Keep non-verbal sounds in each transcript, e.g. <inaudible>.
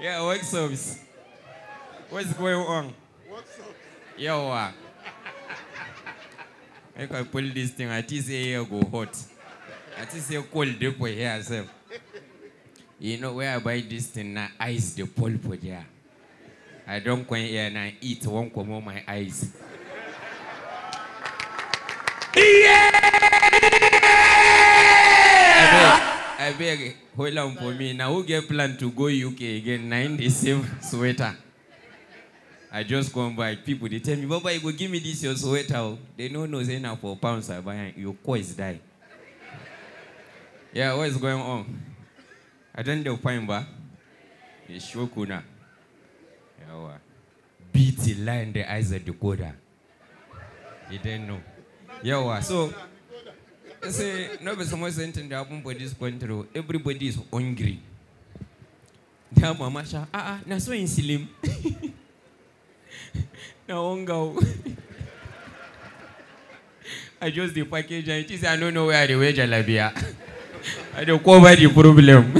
Yeah, work service. What's going on? What's up? Yo, uh, I can pull this thing. I just say here go hot. I just say cold dip for here self. You know where I buy this thing I Ice the pulp for there. I don't go here and I eat one come on my eyes. I beg, hold on for me. Now who get plan to go UK again? Nine the same sweater. I just come by. People they tell me, Baba, you go give me this your sweater. They don't know say now for pounds I buy your coins die. yeah, what is going on? I don't know fine ba. It's e shokuna. Yawa. Beat the line the eyes of the coda. He didn't know. Yawa. So say nobody someone sent in the everybody's control. Everybody is hungry. Their mama sha ah, ah na so in insulim. <laughs> na wongao. <laughs> I just the package and she said, I don't know where the wage labia. Ah. I don't cover the problem. <laughs>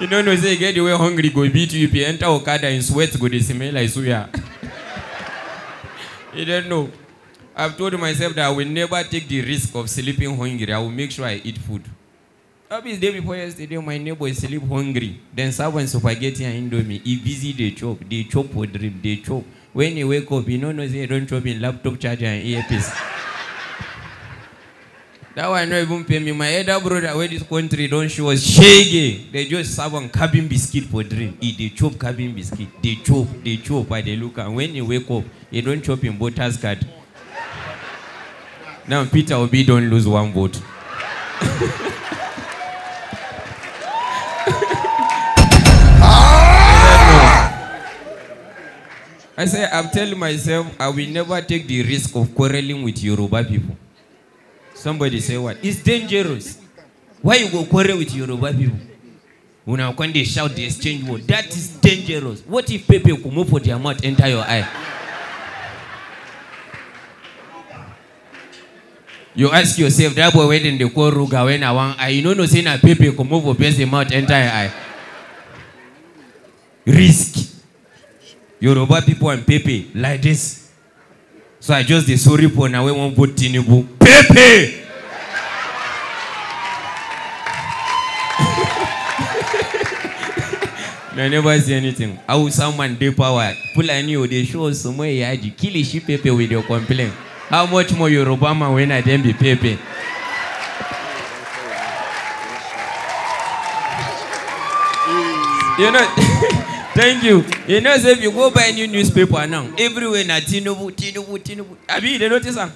you don't know, say, get away hungry, go beat you, enter Okada in sweat, go the smell, I swear. you don't know. I've told myself that I will never take the risk of sleeping hungry. I will make sure I eat food. That means day before yesterday, my neighbor is sleep hungry. Then someone spaghetti and indomie. He busy, they chop. They chop for dream. They chop. When he wake up, he no know say don't chop in laptop charger and earpiece. <laughs> that one no even pay me. My elder brother, where this country don't show us shaggy. They just serve on cabin biscuit for drink. He they chop cabin biscuit. They chop, they chop, by they look. And when he wake up, he don't chop in Water card. Now Peter Obi don't lose one vote. I say, I'm telling myself, I will never take the risk of quarreling with Yoruba people. Somebody say what? It's dangerous. Why you go quarrel with Yoruba people? When I'm going to shout the exchange word, that is dangerous. What if Pepe will Kumo put their mouth enter your eye? you ask yourself that boy when they call ruga when I want eye you no know say na pepe come over pass the mouth entire eye risk yoruba people and pepe like this so i just dey sorry for now wey won't vote tinubu pepe. <laughs> I never see anything. I will someone dey power. Pull a new, they show somewhere you had to Kill a sheep paper with your complaint. How much more Yoruba man when I then be pepe? you know, <laughs> thank you. You know, so if you go buy new newspaper now, everywhere na Tinubu, Tinubu, Tinubu. Abi, they notice am.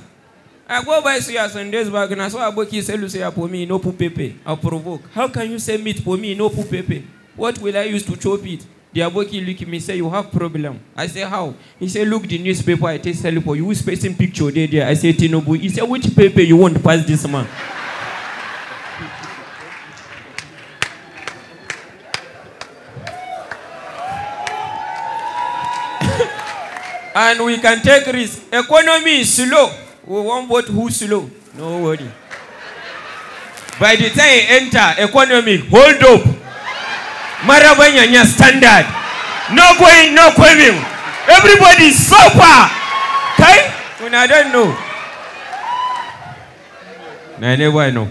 I go buy suya some days back and I saw a he sell suya ah, for me, no put pepe. I provoke. How can you sell meat for me, no put pepe? What will I use to chop it? They are working. look at me say, you have problem. I say, how? He say, look, the newspaper I take sell for you. Who's facing picture there, there? I say, Tinubu. He say, which paper you want pass this man? <laughs> and we can take risk. Economy is slow. We won't vote who slow. No worry. By the time you enter, economy, hold up. Marabanyanya standard. No going, no quaving. Everybody is sober. Okay? When I don't know. I never know.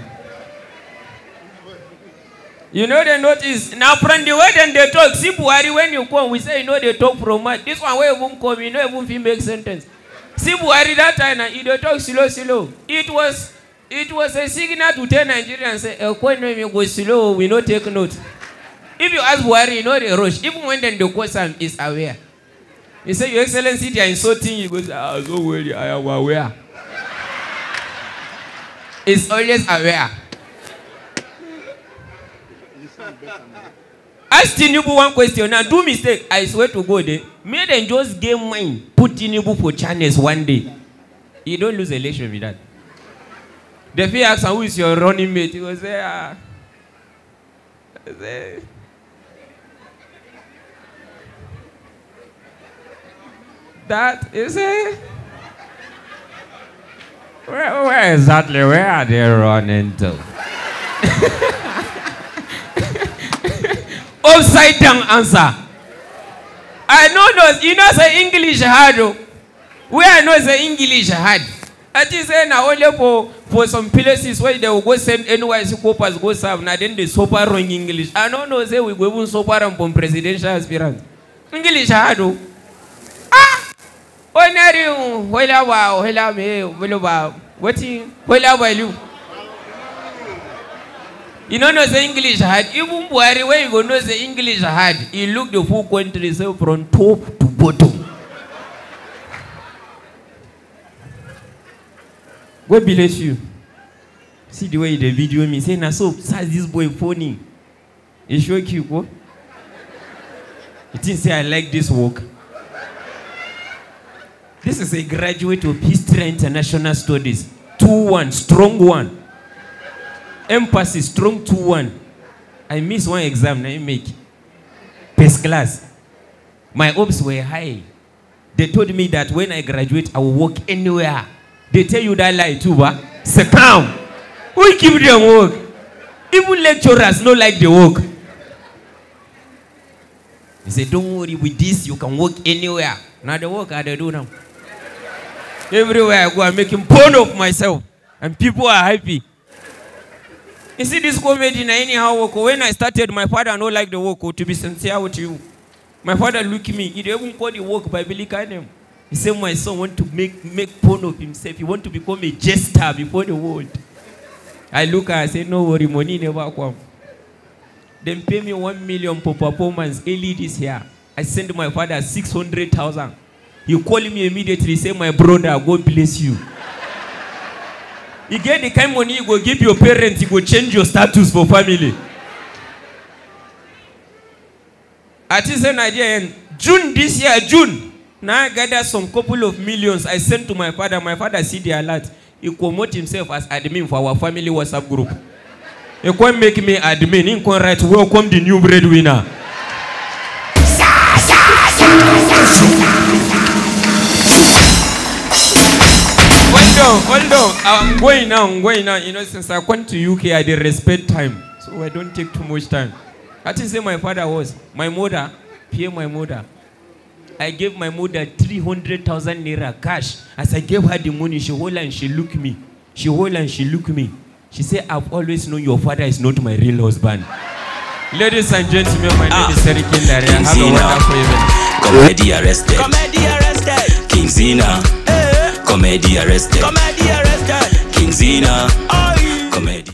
You know the notice. Now from the way then they talk, see when you come, we say you know they talk from This one way won't come, you know won't make sentence. See that time and they talk slow, slow. It was it was a signal to tell Nigerians, eh, eh, say, we no take note. If you ask Buhari, you know the rush. Even when then the question is aware. You say, Your Excellency, they are insulting you. He goes, ah, don't worry, I am aware. It's always aware. Ask Tinubu one question. Now, do mistake. I swear to God. Eh? May them just game mine. Put Tinubu for channels one day. You don't lose election with that. The fear asks, who is your running mate? He goes, "Yeah." there. That is it. Where, where exactly? Where are they running to? <laughs> Upside down answer. I know those. You know the English hard. Oh. Where I know the English hard. At is na only for for some places where they will go send NYC coppers go serve. Now then they super wrong English. I don't know say we go even super on presidential aspirant. English hard. Ah, ordinary. Hola wow, hola me, hola wow. Waiting, hola value. You know no say English hard. Even Buhari where you go know say English hard. He look the full country so from top to bottom. We bless you. See the way the video me saying, na so size this boy phony. He show you go. You didn't say I like this work. This is a graduate of History International Studies. 2-1, strong one. Emphasis, strong 2-1. I miss one exam, now you make. Best class. My hopes were high. They told me that when I graduate, I will work anywhere. They tell you that lie too, but succumb. We give them work. Even lecturers not like the work. They say, don't worry with this, you can work anywhere. Now the work I do now. Everywhere I go, I'm making porn of myself. And people are happy. You see this comedy anyhow work. When I started, my father not like the work. Oh, to be sincere with you. My father look me. He didn't even call the work by Billy Carnem. The same my son want to make, make fun of himself. He want to become a jester before the world. I look and I say, no worry, money never come. Then pay me one million for performance early this year. I send my father 600,000. He call me immediately, say, my brother, God bless you. you get the kind of money you go give your parents, you go change your status for family. Artisan Nigerian, June this year, June, Now I gathered some couple of millions. I sent to my father. My father see the alert. He promote himself as admin for our family WhatsApp group. He can make me admin. He can write, welcome the new breadwinner. Hold on, hold on. I'm going now, I'm going now. You know, since I went to UK, I did respect time. So I don't take too much time. That is say my father was. My mother, here my mother. I gave my mother 300,000 naira cash. As I gave her the money, she hold and she look me. She hold and she look me. She said, I've always known your father is not my real husband. Ladies and gentlemen, my ah, name is ah. Eric Hilaria. Have Zina. a wonderful evening. Comedy arrested. Comedy arrested. King Zina. Eh. Comedy arrested. Comedy arrested. King Zina. Oh. Ah.